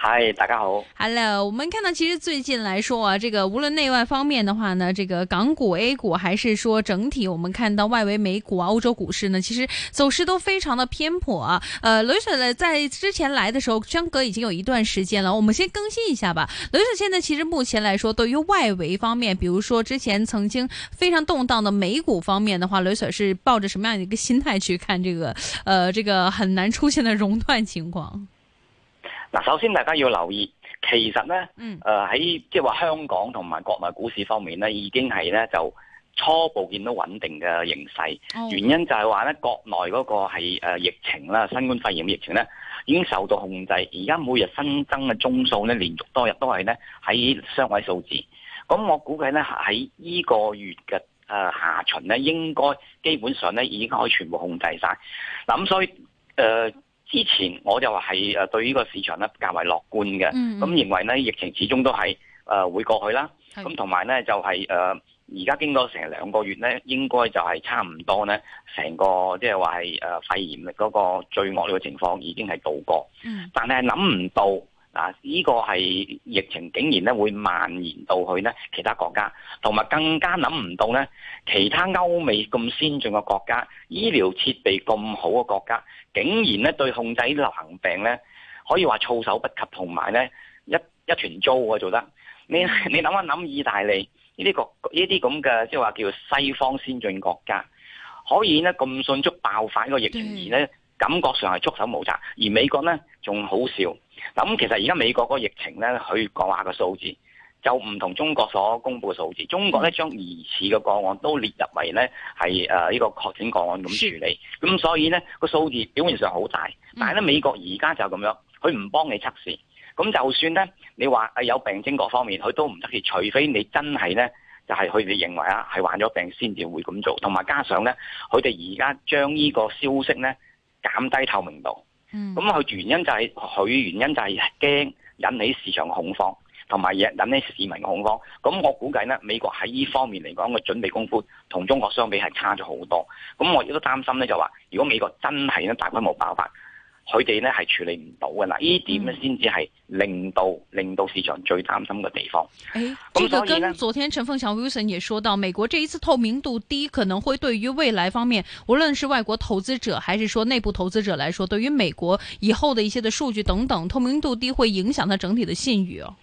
嗨，Hi, 大家好。Hello，我們看到其實最近來說啊，這個無論內外方面的話呢，這個港股、A 股還是說整體，我們看到外圍美股啊、歐洲股市呢，其實走勢都非常的偏頗啊。呃，雷 Sir 在之前來的時候，相隔已經有一段時間了，我們先更新一下吧。雷 Sir 現在其實目前來說，對於外圍方面，比如說之前曾經非常動盪的美股方面的話，雷 Sir 是抱着什麼樣的一個心態去看這個呃這個很難出現的熔斷情況？嗱，首先大家要留意，其實咧，誒喺、嗯呃、即係話香港同埋國內股市方面咧，已經係咧就初步見到穩定嘅形勢。是的原因就係話咧，國內嗰個係疫情啦，新冠肺炎疫情咧已經受到控制。而家每日新增嘅宗數咧，連續多日都係咧喺雙位數字。咁我估計咧喺呢個月嘅下旬咧，應該基本上咧已經可以全部控制晒。嗱，咁所以誒。呃之前我就係誒對呢個市場咧較、嗯嗯、為樂觀嘅，咁認為咧疫情始終都係誒、呃、會過去啦。咁同埋咧就係誒而家經過成兩個，個月咧，應該就係差唔多咧，成個即係話係誒肺炎嗰個最惡劣嘅情況已經係渡過，嗯、但係諗唔到。啊！呢個係疫情，竟然咧會蔓延到去咧其他國家，同埋更加諗唔到咧，其他歐美咁先進嘅國家，醫療設備咁好嘅國家，竟然咧對控制流行病咧，可以話措手不及，同埋咧一一團糟啊做得。你你諗一諗，意大利呢啲國呢啲咁嘅即係話叫做西方先進國家，可以咧咁迅速爆發個疫情而咧感覺上係束手無策，而美國呢仲好笑。咁其實而家美國個疫情咧，佢講話個數字，就唔同中國所公布嘅數字。中國咧將疑似嘅個案都列入為咧係誒呢、呃這個確診個案咁處理，咁所以咧個數字表現上好大。但係咧美國而家就咁樣，佢唔幫你測試，咁就算咧你話誒有病徵嗰方面，佢都唔測試，除非你真係咧就係佢哋認為啊係患咗病先至會咁做，同埋加上咧佢哋而家將呢將個消息咧減低透明度。咁佢、嗯、原因就係、是、佢原因就係驚引起市場恐慌，同埋引引起市民恐慌。咁我估計呢美國喺呢方面嚟講嘅準備功夫同中國相比係差咗好多。咁我亦都擔心呢，就話如果美國真係呢，大規模爆發。佢哋呢係處理唔到嘅啦，呢點咧先至係令到令到市場最擔心嘅地方。誒、哎，咁那所以昨天陳鳳翔 Wilson 也說到，美國這一次透明度低，可能會對於未來方面，無論是外國投資者，還是說內部投資者來說，對於美國以後的一些嘅數據等等，透明度低會影響佢整體嘅信譽、哦。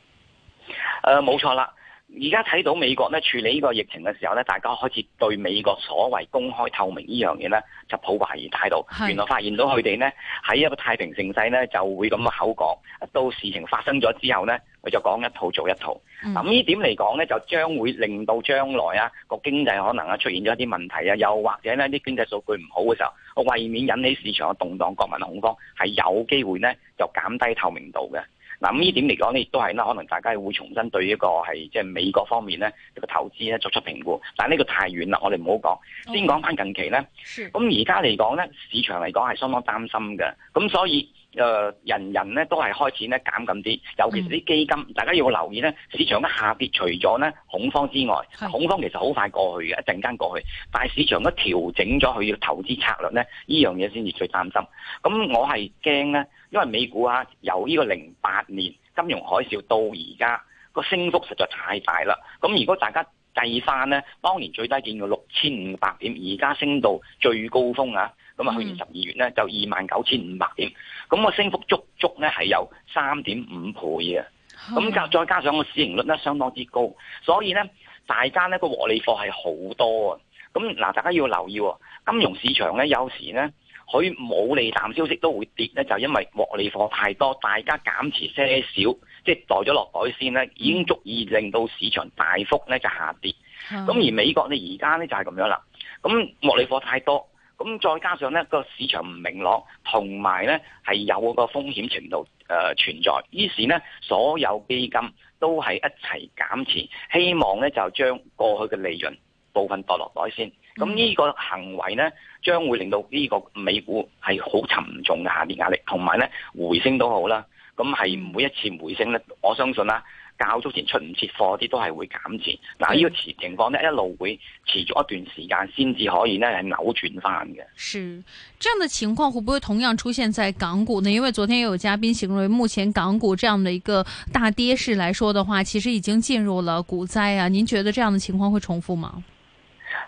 誒、呃，冇錯啦。而家睇到美國咧處理呢個疫情嘅時候咧，大家開始對美國所謂公開透明呢樣嘢咧就抱懷疑態度。的原來發現到佢哋呢，喺一個太平盛世呢，就會咁嘅口講，到事情發生咗之後呢，佢就講一套做一套。咁呢、嗯、點嚟講呢，就將會令到將來啊個經濟可能啊出現咗一啲問題啊，又或者呢啲經濟數據唔好嘅時候，我為免引起市場嘅動盪、國民恐慌，係有機會呢，就減低透明度嘅。嗱，咁呢點嚟講咧，亦都係啦，可能大家會重新對一個係即係美國方面咧一個投資咧作出評估。但係呢個太遠啦，我哋唔好講，先講翻近期咧。咁而家嚟講咧，市場嚟講係相當擔心嘅，咁所以。誒人人咧都係開始咧減緊啲，尤其是啲基金，大家要留意咧。市場一下跌，除咗咧恐慌之外，是的 恐慌其實好快過去嘅，一陣間過去。但係市場都調整咗，佢嘅投資策略咧，呢樣嘢先至最擔心。咁我係驚咧，因為美股啊，由呢個零八年金融海嘯到而家個升幅實在太大啦。咁如果大家，計翻咧，當年最低見過六千五百點，而家升到最高峰啊！咁啊，去年十二月咧就二萬九千五百點，咁個升幅足足咧係有三點五倍啊！咁就再加上個市盈率咧相當之高，所以咧大家咧個獲利貨係好多啊！咁嗱，大家要留意喎，金融市場咧有時咧佢冇利淡消息都會跌咧，就因為獲利貨太多，大家減持些少。即係袋咗落袋先咧，已經足以令到市場大幅咧就下跌。咁、嗯、而美國咧而家咧就係、是、咁樣啦。咁莫利貨太多，咁再加上咧個市場唔明朗，同埋咧係有，呢有個風險程度誒、呃、存在。於是咧所有基金都係一齊減持，希望咧就將過去嘅利潤部分墮落袋先。咁呢、嗯、個行為咧將會令到呢個美股係好沉重嘅下跌壓力，同埋咧回升都好啦。咁係、嗯嗯、每一次回升呢，我相信啦，較早前出唔切貨啲都係會減持。嗱，呢個情情況呢，一路會持續一段時間先至可以呢係扭轉翻嘅。是這樣的情況會不會同樣出現在港股呢？因為昨天有嘉賓形容目前港股這樣的一個大跌市來說的話，其實已經進入了股災啊！您覺得這樣的情況會重複嗎？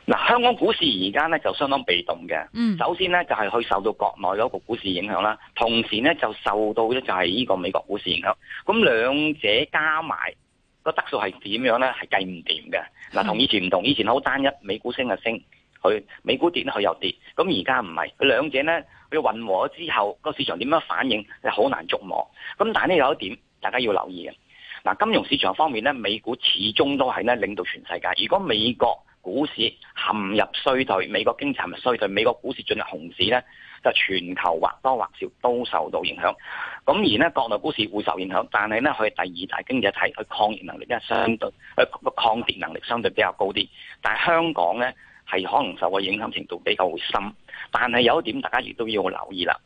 嗱，香港股市而家咧就相當被動嘅。嗯，首先咧就係佢受到國內嗰個股市影響啦，同時咧就受到咧就係呢個美國股市影響。咁兩者加埋個得數係點樣咧？係計唔掂嘅。嗱、嗯，同以前唔同，以前好單一，美股升就升，佢美股跌咧佢又跌。咁而家唔係，佢兩者咧佢混和咗之後，個市場點樣反應你好難捉摸。咁但係呢，有一點大家要留意嘅，嗱，金融市場方面咧，美股始終都係咧領導全世界。如果美國股市陷入衰退，美國經濟陷入衰退，美國股市進入熊市咧，就全球或多或少都受到影響。咁而呢國內股市會受影響，但係咧，佢第二大經濟體，佢抗跌能力咧相對，佢抗跌能力相對比較高啲。但係香港咧係可能受個影響程度比較深。但係有一點，大家亦都要留意啦。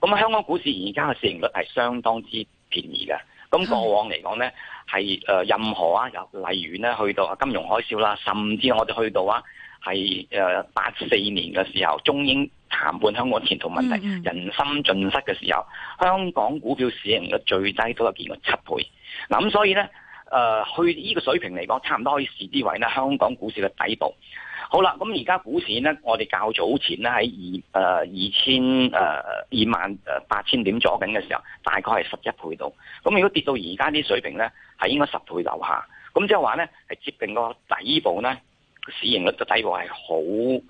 咁香港股市而家嘅市盈率係相當之便宜嘅。咁過往嚟講咧，係誒、呃、任何啊，由例如咧，去到金融海嘯啦，甚至我哋去到啊，係誒八四年嘅時候，中英談判香港前途問題，嗯嗯人心盡失嘅時候，香港股票市盈率最低都有見過七倍。嗱咁所以咧，誒、呃、去呢個水平嚟講，差唔多可以視之為咧，香港股市嘅底部。好啦，咁而家股市咧，我哋較早前咧喺二、呃、二千、呃、二萬、呃、八千點左緊嘅時候，大概係十一倍到。咁如果跌到而家啲水平咧，係應該十倍樓下。咁即係話咧，係接近個底部咧，市盈率嘅底部係好，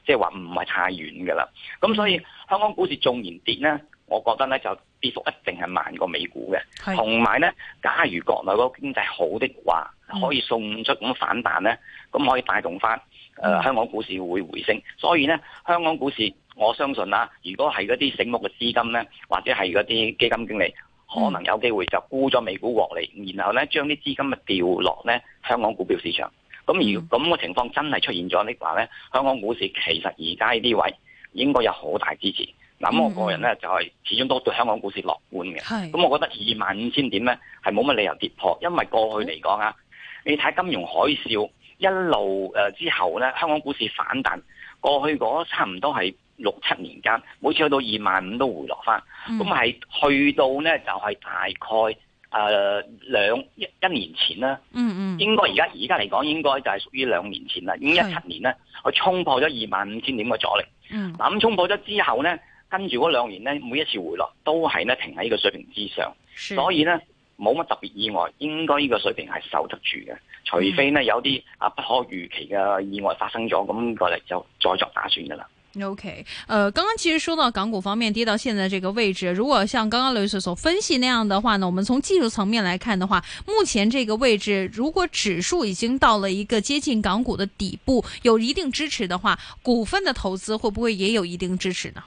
即係話唔係太遠㗎啦。咁所以香港股市縱然跌咧，我覺得咧就跌幅一定係慢過美股嘅。同埋咧，假如國內嗰個經濟好啲嘅話，可以送出咁反彈咧，咁可以帶動翻。誒、呃，香港股市會回升，所以呢，香港股市我相信啦。如果係嗰啲醒目嘅資金呢，或者係嗰啲基金經理，可能有機會就沽咗美股獲利，然後呢，將啲資金咪掉落呢香港股票市場。咁、嗯、如咁個情況真係出現咗的話呢，香港股市其實而家呢啲位應該有好大支持。嗱，咁我個人呢，嗯、就係始終都對香港股市樂觀嘅。咁是、嗯、我覺得二萬五千點呢，係冇乜理由跌破，因為過去嚟講啊，嗯、你睇金融海嘯。一路、呃、之後咧，香港股市反彈。過去嗰差唔多係六七年間，每次去到二萬五都回落返。咁係、嗯、去到咧就係、是、大概誒兩、呃、一一年前啦、嗯。嗯嗯。應該而家而家嚟講，現在來應該就係屬於兩年前啦。已經一七年咧，佢衝是破咗二萬五千點嘅阻力。嗯。嗱，咁衝破咗之後咧，跟住嗰兩年咧，每一次回落都係咧停喺呢個水平之上。是所以咧。冇乜特別意外，應該呢個水平係受得住嘅，除非呢，有啲啊不可預期嘅意外發生咗，咁個嚟就再作打算嘅啦。OK，呃，剛剛其實說到港股方面跌到現在這個位置，如果像剛剛劉先生所分析那樣嘅話呢，我們從技術層面來看的話，目前這個位置如果指數已經到了一個接近港股嘅底部，有一定支持嘅話，股份嘅投資會不會也有一定支持呢？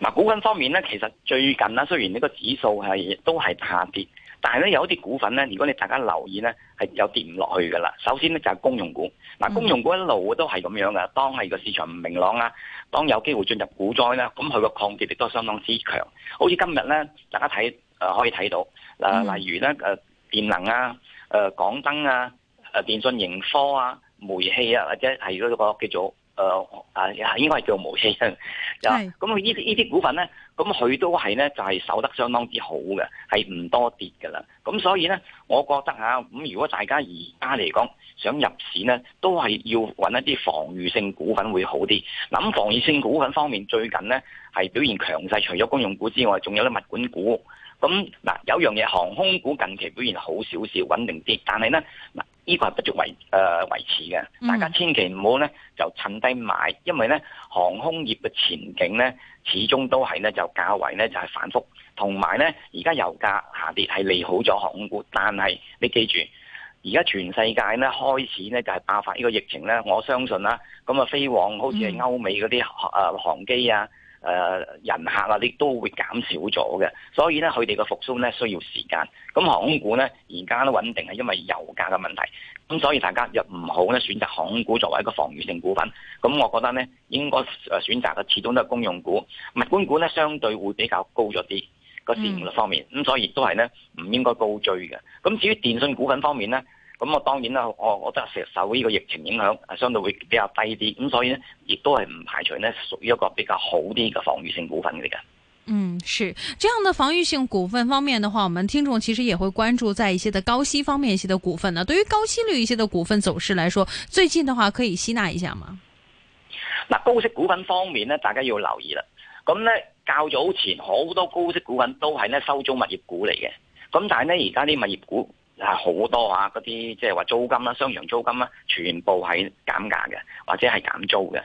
嗱，股份方面呢，其實最近呢，雖然呢個指數係都係下跌。但係咧，有一啲股份咧，如果你大家留意咧，係有跌唔落去㗎啦。首先咧就係、是、公用股。嗱，公用股一路都係咁樣㗎。當係個市場唔明朗啊，當有機會進入股災呢，咁佢個抗跌力都相當之強。好似今日咧，大家睇、呃、可以睇到、呃、例如咧誒電能啊、呃、港燈啊、誒電信盈科啊、煤氣啊，或者係嗰、那個叫做。誒，啊、呃，係應該係做武器嘅。咁呢依啲股份咧，咁佢都係咧，就係、是、守得相當之好嘅，係唔多跌噶啦。咁所以咧，我覺得吓、啊，咁如果大家而家嚟講想入市咧，都係要揾一啲防禦性股份會好啲。咁防禦性股份方面，最近咧係表現強勢，除咗公用股之外，仲有啲物管股。咁嗱，有樣嘢，航空股近期表現好少少，穩定啲，但係咧嗱。呢個係不足為誒維持嘅，大家千祈唔好咧就趁低買，因為咧航空業嘅前景咧始終都係咧就價位咧就係反覆，同埋咧而家油價下跌係利好咗航空股，但係你記住，而家全世界咧開始咧就係、是、爆發呢個疫情咧，我相信啦，咁啊飛往好似係歐美嗰啲誒航機啊。誒、呃、人客啊，亦都會減少咗嘅，所以咧佢哋嘅復甦咧需要時間。咁航空股咧而家都穩定，係因為油價嘅問題。咁所以大家又唔好咧選擇航空股作為一個防禦性股份。咁我覺得咧應該誒選擇嘅始終都係公用股、物管股咧，相對會比較高咗啲個市盈率方面。咁、嗯、所以都係咧唔應該高追嘅。咁至於電信股份方面咧。咁我當然啦，我我覺得受呢個疫情影響，係相對會比較低啲。咁所以呢，亦都係唔排除呢屬於一個比較好啲嘅防禦性股份嚟嘅。嗯，是，這樣的防禦性股份方面嘅話，我們聽眾其實也會關注在一些的高息方面一些的股份呢、啊。對於高息率一些的股份走勢來說，最近的話可以吸納一下嘛。嗱、嗯啊，高息股份方面呢，大家要留意啦。咁呢較早前好多高息股份都係呢收租物業股嚟嘅。咁但係呢，而家啲物業股。係好多啊！嗰啲即係話租金啦、商業租金啦，全部係減價嘅，或者係減租嘅。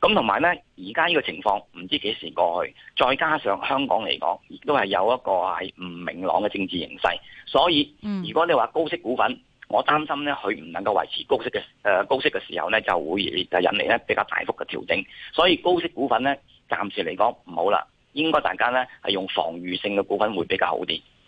咁同埋呢，而家呢個情況唔知幾時過去，再加上香港嚟講，亦都係有一個係唔明朗嘅政治形勢。所以，如果你話高息股份，我擔心呢，佢唔能夠維持高息嘅，誒、呃、高息嘅時候呢，就會引嚟呢比較大幅嘅調整。所以高息股份呢，暫時嚟講唔好啦，應該大家呢係用防御性嘅股份會比較好啲。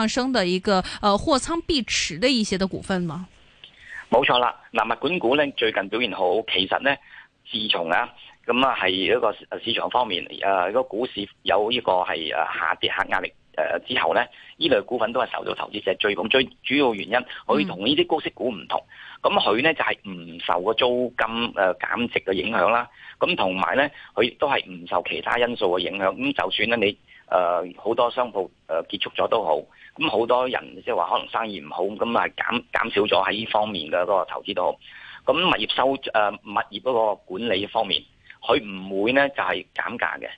上升嘅一個，呃，貨倉必持嘅一些嘅股份嘛，冇錯啦，嗱，物管股咧最近表現好，其實咧自從啊咁啊係一個市場方面，誒，個股市有呢個係誒下跌下壓力誒之後咧，呢類股份都係受到投資者追捧，最主要原因佢同呢啲高息股唔同，咁佢咧就係唔受個租金誒減值嘅影響啦，咁同埋咧佢亦都係唔受其他因素嘅影響，咁就算咧你。誒好、呃、多商鋪結束咗都好，咁好多人即係話可能生意唔好，咁啊減，減少咗喺呢方面嘅嗰個投資都好。咁物業收誒、呃、物業嗰個管理方面，佢唔會呢就係、是、減價嘅。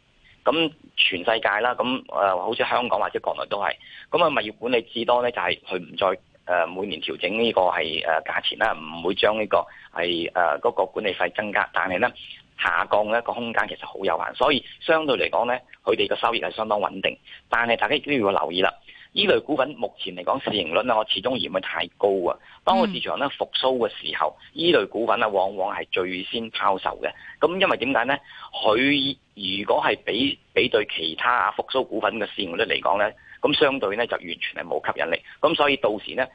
咁全世界啦，咁、呃、好似香港或者國內都係，咁啊物業管理至多呢，就係佢唔再每年調整呢個係價錢啦，唔會將呢、這個係嗰、呃那個管理費增加，但係呢。下降呢個空間其實好有限，所以相對嚟講咧，佢哋嘅收益係相當穩定。但係大家都要留意啦，依類股份目前嚟講市盈率呢，我始終嫌佢太高啊。當個市場咧復甦嘅時候，依類股份呢往往係最先拋售嘅。咁因為點解咧？佢如果係比比對其他啊復甦股份嘅市盈率嚟講咧，咁相對咧就完全係冇吸引力。咁所以到時咧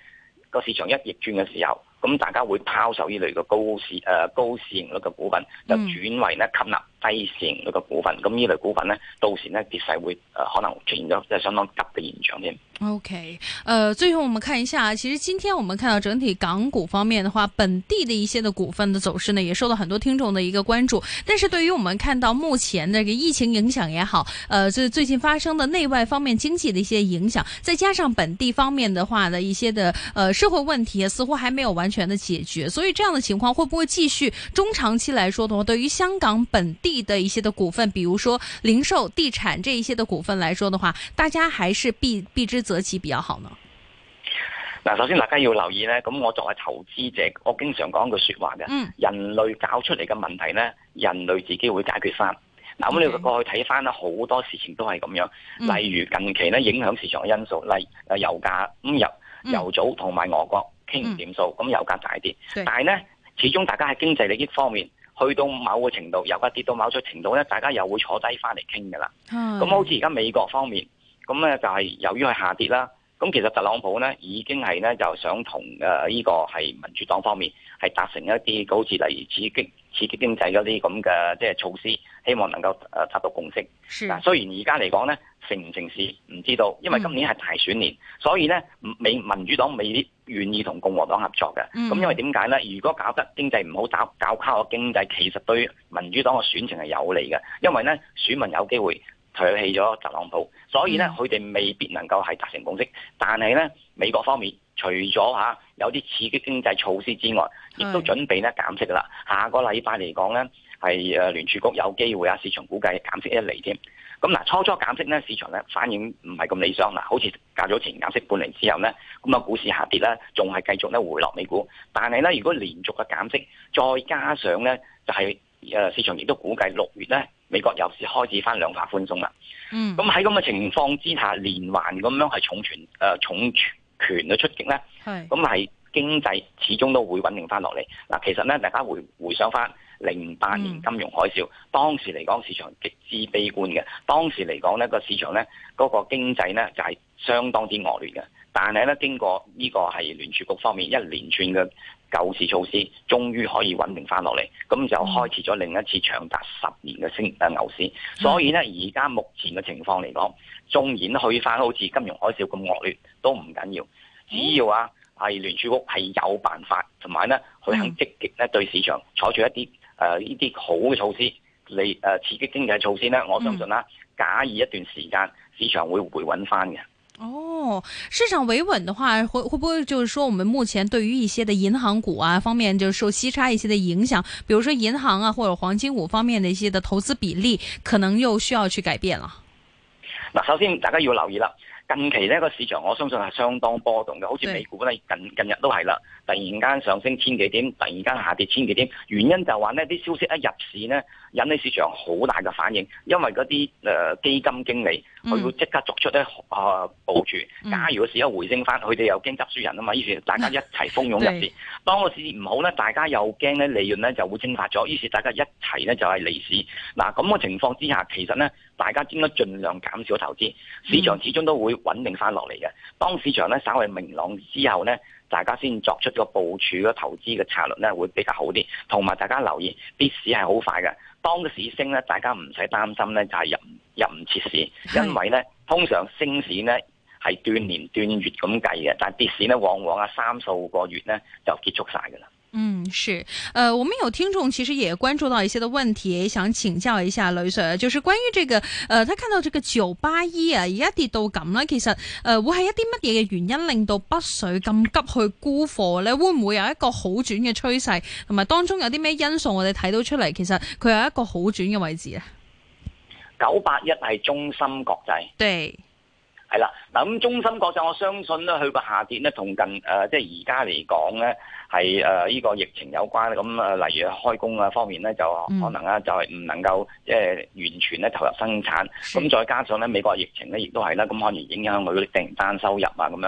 個市場一逆轉嘅時候。咁大家會拋售呢類嘅高市誒高市盈率嘅股份，就轉為咧吸納。嗯低線嗰個股份，咁呢類股份呢，到時呢跌勢會，呃、可能出現咗即係相當急嘅現象添。OK，呃、最後我們看一下，其實今天我們看到整體港股方面的話，本地的一些的股份的走勢呢，也受到很多聽眾的一個關注。但是，對於我們看到目前呢個疫情影響也好，呃，最最近發生的內外方面經濟的一些影響，再加上本地方面的話的一些的，呃，社會問題似乎還沒有完全的解決，所以這樣的情況會不會繼續？中長期來說的話，對於香港本地，地的一些的股份，比如說零售、地產這一些的股份來說的話，大家還是避之則吉比較好呢。嗱，首先大家要留意咧，咁我作為投資者，我經常講句說話嘅，嗯、人類搞出嚟嘅問題呢，人類自己會解決翻。嗱，咁你過去睇翻咧，好 Okay, 多事情都係咁樣。嗯、例如近期呢影響市場嘅因素，嗯、例誒油價咁入、嗯、油組同埋俄國傾唔掂數，咁、嗯、油價大跌。對但係呢，始終大家喺經濟利益方面。去到某個程度，由個跌到某種程度咧，大家又會坐低翻嚟傾㗎啦。咁好似而家美國方面，咁咧就係由於係下跌啦。咁其實特朗普咧已經係咧就想同誒呢個係民主黨方面係達成一啲好似例如刺激刺激經濟嗰啲咁嘅即係措施。希望能夠誒達到共識。嗱是，雖然而家嚟講咧成唔成事唔知道，因為今年係大選年，嗯、所以咧美民主黨未必願意同共和黨合作嘅。咁、嗯、因為點解咧？如果搞得經濟唔好，搞搞垮個經濟，其實對民主黨嘅選情係有利嘅，因為咧選民有機會唾棄咗特朗普，所以咧佢哋未必能夠係達成共識。但係咧美國方面，除咗下有啲刺激經濟措施之外，亦都準備咧減息噶啦。是下個禮拜嚟講咧。係誒聯儲局有機會啊！市場估計減息一厘添。咁、嗯、嗱，初、啊、初減息咧，市場咧反應唔係咁理想嗱、啊，好似隔咗前減息半年之後咧，咁、嗯、啊股市下跌咧，仲係繼續咧回落美股。但係咧，如果連續嘅減息，再加上咧，就係、是、誒、啊、市場亦都估計六月咧，美國又試開始翻量化寬鬆啦。嗯。咁喺咁嘅情況之下，連環咁樣係重、呃、重拳誒重拳嘅出擊咧，係是。咁係經濟始終都會穩定翻落嚟。嗱、啊，其實咧，大家回回想翻。零八年金融海嘯，嗯、當時嚟講市場極之悲觀嘅，當時嚟講呢個市場呢，嗰、那個經濟呢就係、是、相當之惡劣嘅。但係呢，經過呢個係聯儲局方面一連串嘅救市措施，終於可以穩定翻落嚟，咁、嗯、就開始咗另一次長達十年嘅升嘅牛市。嗯、所以呢，而家目前嘅情況嚟講，縱然去翻好似金融海嘯咁惡劣都唔緊要，只要啊係聯儲局係有辦法，同埋呢，佢肯積極呢對市場採取一啲。誒呢啲好嘅措施，嚟誒、呃、刺激經濟措施呢，我相信啦、啊，嗯、假以一段時間，市場會回穩翻嘅。哦，市場維穩的話，會會不會就是說，我們目前對於一些的銀行股啊方面，就受息差一些的影響，比如說銀行啊或者黃金股方面的一些的投資比例，可能又需要去改變啦。嗱、呃，首先大家要留意啦。近期呢個市場，我相信係相當波動嘅，好似美股咧近近日都係啦，突然間上升千幾點，突然間下跌千幾點，原因就係話呢啲消息一入市呢，引起市場好大嘅反應，因為嗰啲誒基金經理。佢會即刻作出咧啊部署，嗯嗯、假如個市一回升翻，佢哋又驚執輸人啊嘛，於是大家一齊蜂擁入市。嗯、當個市唔好咧，大家又驚咧利潤咧就會蒸發咗，於是大家一齊咧就係離市。嗱，咁個情況之下，其實咧大家應該盡量減少投資，市場始終都會穩定翻落嚟嘅。當市場咧稍微明朗之後咧。大家先作出個部署、個投資嘅策略咧，會比較好啲。同埋大家留意，跌市係好快嘅。當個市升咧，大家唔使擔心咧，就係入唔切市，因為咧通常升市咧係斷年斷月咁計嘅，但跌市咧往往啊三數個月咧就結束晒㗎啦。嗯，是，誒、呃，我們有聽眾其實也關注到一些的問題，想請教一下呂 Sir，就是關於這個，誒、呃，他看到這個九八一啊，而家跌到咁啦，其實誒、呃，會係一啲乜嘢嘅原因令到北水咁急去沽貨呢？會唔會有一個好轉嘅趨勢？同埋當中有啲咩因素我哋睇到出嚟，其實佢有一個好轉嘅位置咧？九八一係中心國際。對。咁中心國際，我相信咧佢個下跌咧，同近誒，即係而家嚟講咧，係誒呢個疫情有關。咁誒，例如開工啊方面咧，就可能啊就係唔能夠即係完全咧投入生產。咁再加上咧美國疫情咧，亦都係啦。咁可能影響佢嘅訂單收入啊咁樣。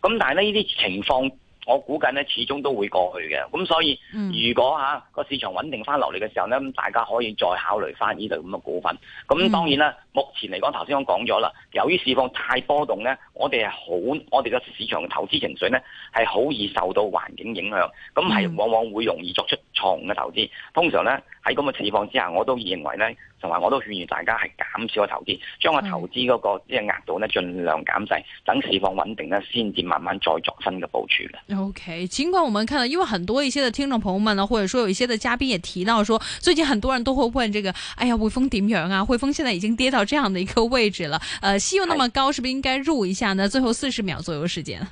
咁但係呢啲情況。我估計咧，始終都會過去嘅。咁所以，如果嚇個市場穩定翻落嚟嘅時候咧，大家可以再考慮翻呢類咁嘅股份。咁當然啦，目前嚟講，頭先我講咗啦，由於市況太波動咧，我哋係好，我哋個市場投資情緒咧係好易受到環境影響，咁係往往會容易作出。行的投資通常呢，喺咁嘅市況之下，我都認為呢，同埋我都勸喻大家係減少嘅投資，將個投資嗰個即係額度呢儘量減細，等市況穩定呢先至慢慢再作新嘅部署嘅。O K，儘管我們看到，因為很多一些嘅聽眾朋友們呢，或者說有一些嘅嘉賓也提到說，說最近很多人都會問這個，哎呀，匯豐點樣啊？匯豐現在已經跌到這樣的嘅一個位置了，呃，息又那麼高，是，的是不是應該入一下呢？最後四十秒左右時間。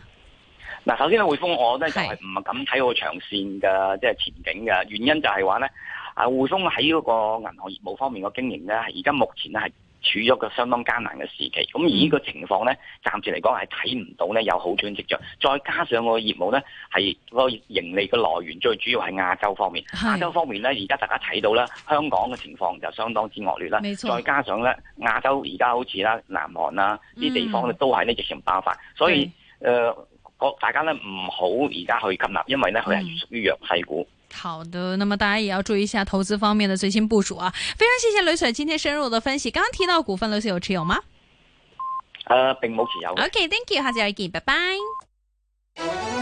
嗱，首先咧，匯豐我咧是就係唔敢睇好長線嘅即係前景嘅原因就係話咧，啊匯豐喺嗰個銀行業務方面嘅經營咧，而家目前咧係處咗個相當艱難嘅時期。咁而呢個情況咧，暫時嚟講係睇唔到咧有好轉跡象。再加上個業務咧係個盈利嘅來源最主要係亞洲方面，是亞洲方面咧而家大家睇到咧香港嘅情況就相當之惡劣啦。錯再加上咧亞洲而家好似啦南韓啦、啊、啲、嗯、地方咧都喺呢疫情爆發，所以誒。是呃好，大家呢唔好而家去吸納，因為呢佢係屬於弱勢股，嗯。好的，那麼大家也要注意一下投資方面的最新部署啊！非常謝謝雷 s 今天深入的分析。剛剛提到股份，雷 s 有持有嗎？誒、呃，並冇持有。OK，Thank，okay, you，下次再見，拜拜。